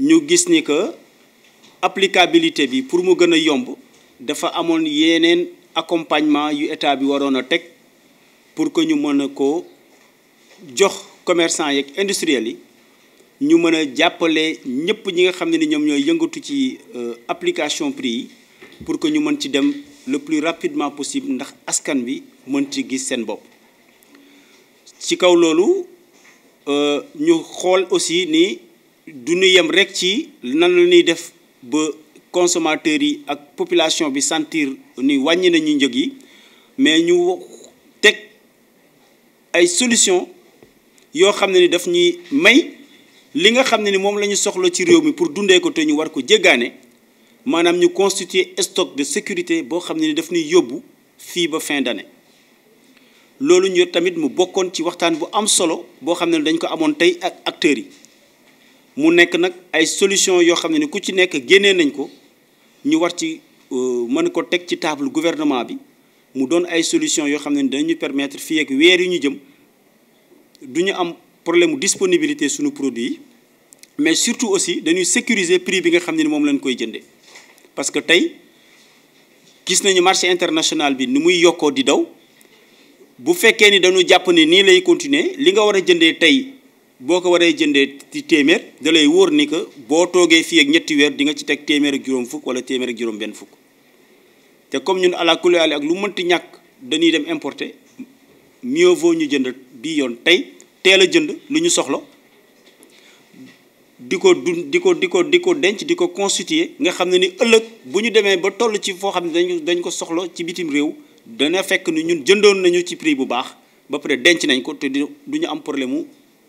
ñu gis ni que applicabilité bi pour mu gën a yomb dafa amoon yeneen accompagnement yu état bi waroon a teg pour que ñu mën a ko jox commerçant yeeg industriels yi ñu mën a jàppale ñëpp ñi nga xam ne ni ñoom ñooy yëngatu ci euh, application prix pour que ñu mën ci dem le plus rapidement possible ndax askan bi mën ci gis seen bopp ci kaw loolu euh, ñu xool aussi ni du ñu yem rek ci nan la ñuy def ba consommateurs yi ak population bi sentir ni wàññi nañu njëg yi mais ñu teg ay solution yoo xam ne ni daf ñuy may li nga xam ne ni moom la ñu soxla ci réew mi pour dundee ko te ñu war ko jéggaane maanaam ñu constituer stock de sécurité boo xam ne ni daf ñuy yóbbu fii ba fin d'année loolu ñu tamit mu bokkoon ci waxtaan bu am solo boo xam ne dañ ko amoon tey ak acteurs yi mu nekk nag ay solution yoo xam ne ku ci nekk génnee nañ ko ñu war ci euh, mën ko teg ci table gouvernement bi mu doon ay solution yoo xam ne dañu permettre fii ak weer yu ñu jëm duñu am problème disponibilité suñu produit yi mais surtout aussi dañuy sécuriser prix bi nga xam ne moom lañ koy jëndee parce que tey gis nañu marché international bi ni muy yokkoo di daw bu fekkee ni dañu jàpp ne nii lay continuer li nga war a jëndee tey boo ko waree jëndee ci téeméer dalay wóor ni que boo toogee fii ak ñetti weer di nga ci teg téeméer ak juróom fukk wala téeméer ak juróom benn fukk te comme ñun ala kulli ak lu mënti ñàkk dañuy dem importer mieux ñu jënd bi yoon tey teel a jënd lu ñu soxla di ko du di ko di ko di ko denc di ko constituer nga xam ne ni ëllëg bu ñu demee ba toll ci foo xam ne dañ dañ ko soxla ci bitim réew dana fekk ni ñun jëndoon nañu ci prix bu baax ba pare denc nañ ko te du am problème mu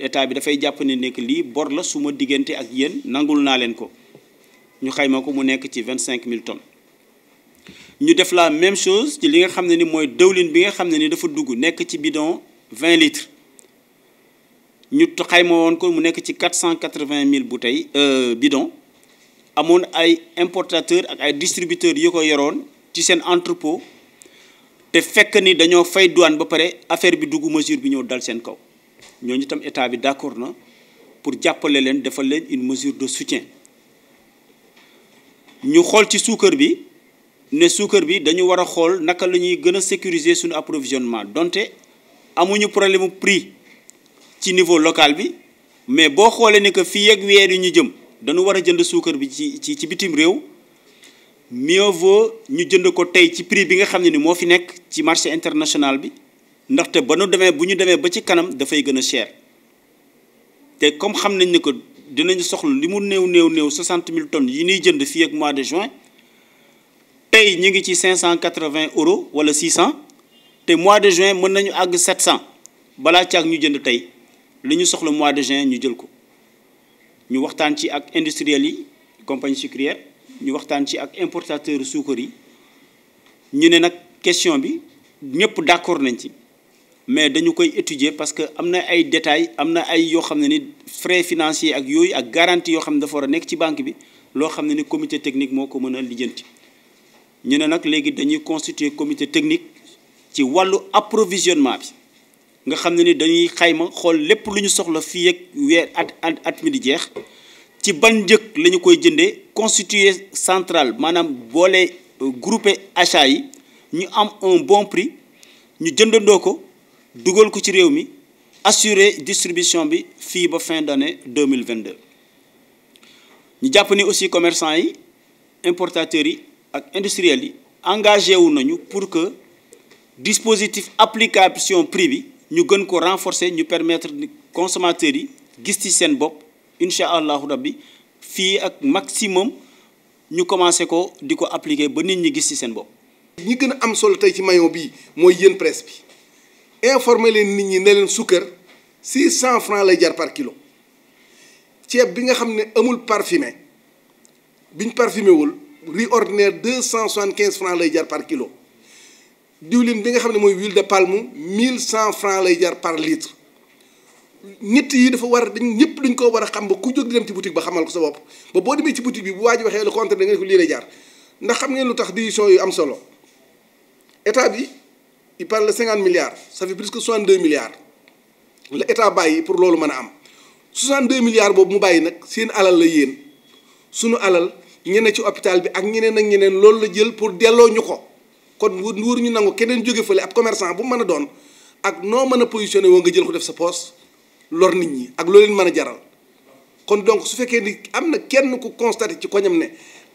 état bi dafay jàpp ne nekk lii bor la suma ma ak yéen nangul naa leen ko ñu xayma ko mu nek ci 25000 mille tonnes ñu def la même chose ci li nga xamné ni moy dewlin bi nga xamné ni dafa dugg nek ci bidon 20 litres ñu xayma won ko mu nek ci 480000 cent euh mille bouteilles euh, bidon amone ay importateur ak ay distributeur yu ko yoroon ci sen entrepôt te fekk ni dañoo fay douane ba pare affaire bi dugg mesure bi ñëw dal sen kaw ñooñu tam état bi d'accord na pour jàppale leen defal leen une mesure de soutien ñu xool ci suukar bi ne suukar bi dañu war a xool naka la ñuy gën a sécuriser suñu approvisionnement donte amuñu problème prix ci niveau local bi mais boo xoolee ne que fii ak weer yi ñu jëm dañu war a jënd suukar bi ci ci ci bitim réew mieux ñu jënd ko tey ci prix bi nga xam ne ni moo fi nekk ci marché international bi ndaxte ba nu demee bu ba ci kanam comme xam nañ que tonnes yi jënd mois de juin tey ñu ngi ci 580 euros wala 600. te mois de juin mën nañu 700. Nous sommes balaa ñu jënd mois de juin ñu jël ko ñu waxtaan ci ak industriels yi compagnie sucrière ñu waxtaan ci ak importateur yi ñu ne question bi ñëpp d'accord nañ mais dañu koy étudier parce que am na ay détails am na ay yoo xam ne ni frais financiers ak yooyu ak garantie yoo xam ne dafa war a nekk ci banque bi loo xam ne ni comité technique moo ko mën a lijjanti ñu ne nag léegi dañuy constituer comité technique ci wàllu approvisionnement bi nga xam ne ni dañuy xayma xool lépp lu ñu soxla fii ak weer at at mi di jeex ci ban njëg la ñu koy jëndee constituer central maanaam boole euh, groupé achat yi ñu am un bon prix ñu jëndandoo ko dugal ko ci réew mi assurer distribution bi fii ba fin d' année deux ñu jàpp ni aussi commerçants yi importateurs yi ak industriels yi engagé wu nañu pour que dispositif application prix bi ñu gën ko renforcer ñu permettre consommateurs yi gis ci seen bopp incha allahu rabbi fii ak maximum ñu commencé ko di ko appliquer ba nit ñi gis ci seen bopp. ñi gën a am solo tey ci maillon bii mooy yéen presse bi informer leen nit ñi ne leen sukkër 600 francs lay jar par kilo ceeb bi nga xam ne amul parfumé biñ parfumé wul riz ordinaire 275 francs lay jar par kilo diwlin bi nga xam ne mooy huile de palme 1100 francs lay jar par litre ñett yi dafa war dañ ñëpp duñ ko war a xam ba ku jóg dem ci boutique ba xamal ko sa bopp ba boo demee ci boutique bi bu waa ji waxee le compte da nga ko lii lay jar ndax xam ngeen lu tax décision yu am solo état bi. il parle de cinquante milliards ça fait plus que soixante deux milliards la état bàyyi pour loolu mën a am soixante deux milliards boobu mu bàyyi nag seen alal la yéen sunu alal ñene ci hôpital bi ak ñeneen ak ñeneen loolu la jël pour delloo ñu ko kon wóor ñu nangu keneen jóge fële ab commerçant bu mën a doon ak noo mën a positionné woo nga jël ko def sa poos lor nit ñi ak loolu leen mën a jaral kon donc su fekkee ni am na kenn ku constaté ci koñam ne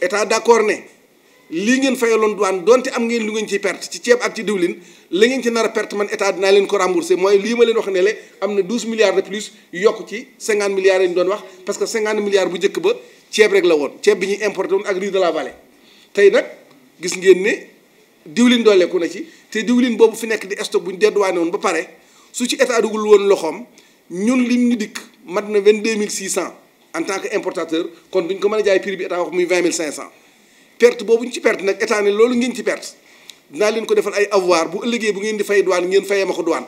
état d'accord ne lii ngeen fayaloon douane donte am ngeen lu ngeen ci perte ci ceeb ak ci diwlin la ngeen ci nar perte man état dinaa leen ko rembourser mooy lii ma leen wax ne le am na 12 milliards de plus yokk ci 50 milliards yi ñu doon wax parce que 50 milliards bu njëkk ba ceeb rek la woon ceeb bi ñuy importé woon ak riz de la vallée tey nag gis ngeen ne diwlin dooleeku na ci te diwlin boobu fi nekk di stock bu ñu dédouané woon ba pare su woon loxoom ñun lim ñu dikk mat na 22 600 en tant que importateur kon duñ ko mën a jaay prix bi état wax muy vingt mille cinq cent perte boobu ñu ci perte nag état ne loolu ngeen ci perte dinaa leen ko defal ay avoir bu ëllëgee bu ngeen di fay douane ngeen fayee ma ko douane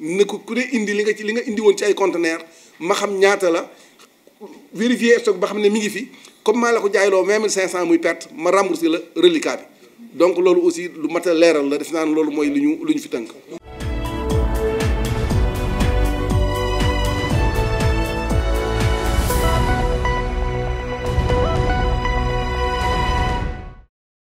ne ko ku ne indi li nga ci li nga indi woon ci ay conteneur ma xam ñaata la vérifier stock ba xam ne mi ngi fi comme maa la ko jaayloo vingt mille cinq cent muy perte ma rembourser la reliquat bi donc loolu aussi lu mat leeral la def naa ne loolu mooy lu ñu lu ñu fi tënk